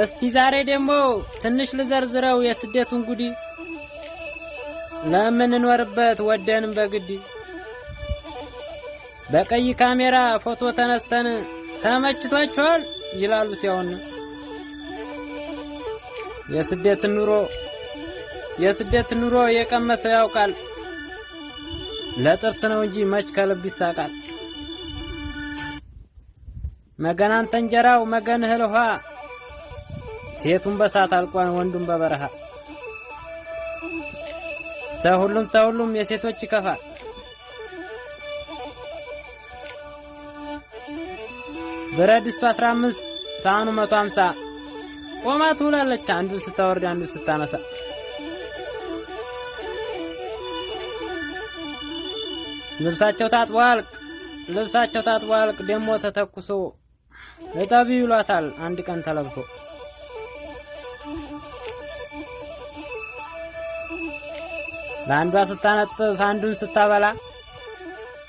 እስቲ ዛሬ ደግሞ ትንሽ ልዘርዝረው የስደቱን ጉዲ ለምንኖርበት ወደንም በግድ በቀይ ካሜራ ፎቶ ተነስተን ተመችቷቸዋል ይላሉ ሲያውን የስደት ኑሮ የስደት ኑሮ የቀመሰ ያውቃል። ለጥርስ ነው እንጂ መች ከልብ ይሳቃል። መገናንተ እንጀራው መገንህል ውሃ ሴቱን በሳት አልቋን ወንዱን በበረሃ ተሁሉም ተሁሉም የሴቶች ይከፋል። ብረት ድስቱ 15 ሳህኑ 150 ቆማ ትውላለች። አንዱን ስታወርድ አንዱን ስታነሳ ልብሳቸው ታጥቦ አልቅ ልብሳቸው ታጥቦ አልቅ ደግሞ ተተኩሶ እጠቢ ይሏታል። አንድ ቀን ተለብሶ ለአንዷ ስታነጥፍ አንዱን ስታበላ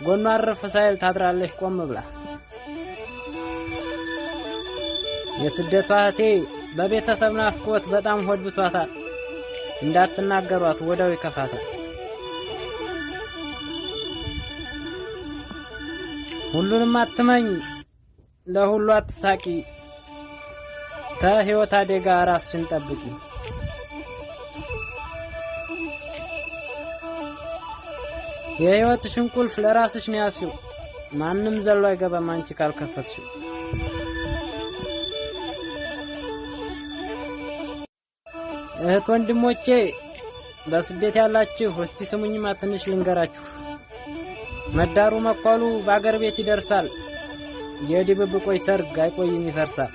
ጎኗ አረፍ ሳይል ታድራለች ቆም ብላ። የስደቷ እህቴ በቤተሰብ ናፍቆት በጣም ሆድ ብሷታል። እንዳትናገሯት ወዳው ይከፋታል። ሁሉንም አትመኝ፣ ለሁሉ አትሳቂ፣ ተህይወት አደጋ ራስሽን ጠብቂ። የህይወት ቁልፍ ለራስሽ ነው ያስው። ማንም ዘሎ አይገባም አንቺ ካልከፈትሽው። እህት ወንድሞቼ በስደት ያላችሁ እስቲ ስሙኝማ ትንሽ ልንገራችሁ። መዳሩ መኳሉ በአገር ቤት ይደርሳል። የድብብቆች ሰርግ አይቆይም ይፈርሳል።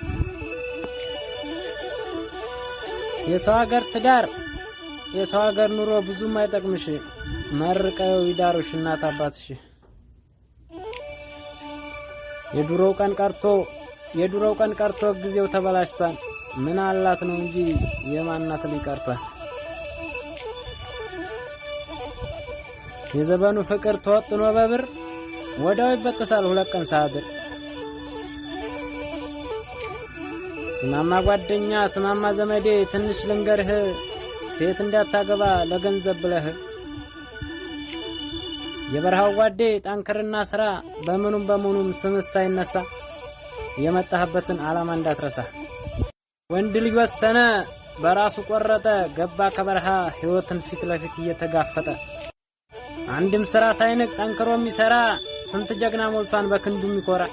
የሰው አገር ትዳር፣ የሰው አገር ኑሮ ብዙም አይጠቅምሽ። መርቀው ይዳሩሽ እናት አባትሽ። የድሮው ቀን ቀርቶ የድሮው ቀን ቀርቶ ጊዜው ተበላሽቷል። ምን አላት ነው እንጂ የማናት ሊቀርቷል። የዘመኑ ፍቅር ተወጥኖ በብር ወዳው ይበጠሳል ሁለት ቀን ሳድር። ስማማ ጓደኛ ስማማ ዘመዴ ትንሽ ልንገርህ ሴት እንዳታገባ ለገንዘብ ብለህ የበረሃው ጓዴ ጠንክርና ሥራ፣ በምኑም በምኑም ስምስ ሳይነሳ የመጣህበትን ዓላማ እንዳትረሳ። ወንድ ልጅ ወሰነ በራሱ ቆረጠ፣ ገባ ከበረሃ ሕይወትን ፊት ለፊት እየተጋፈጠ አንድም ሥራ ሳይንቅ ጠንክሮ የሚሠራ ስንት ጀግና ሞልቷን በክንዱ የሚኮራ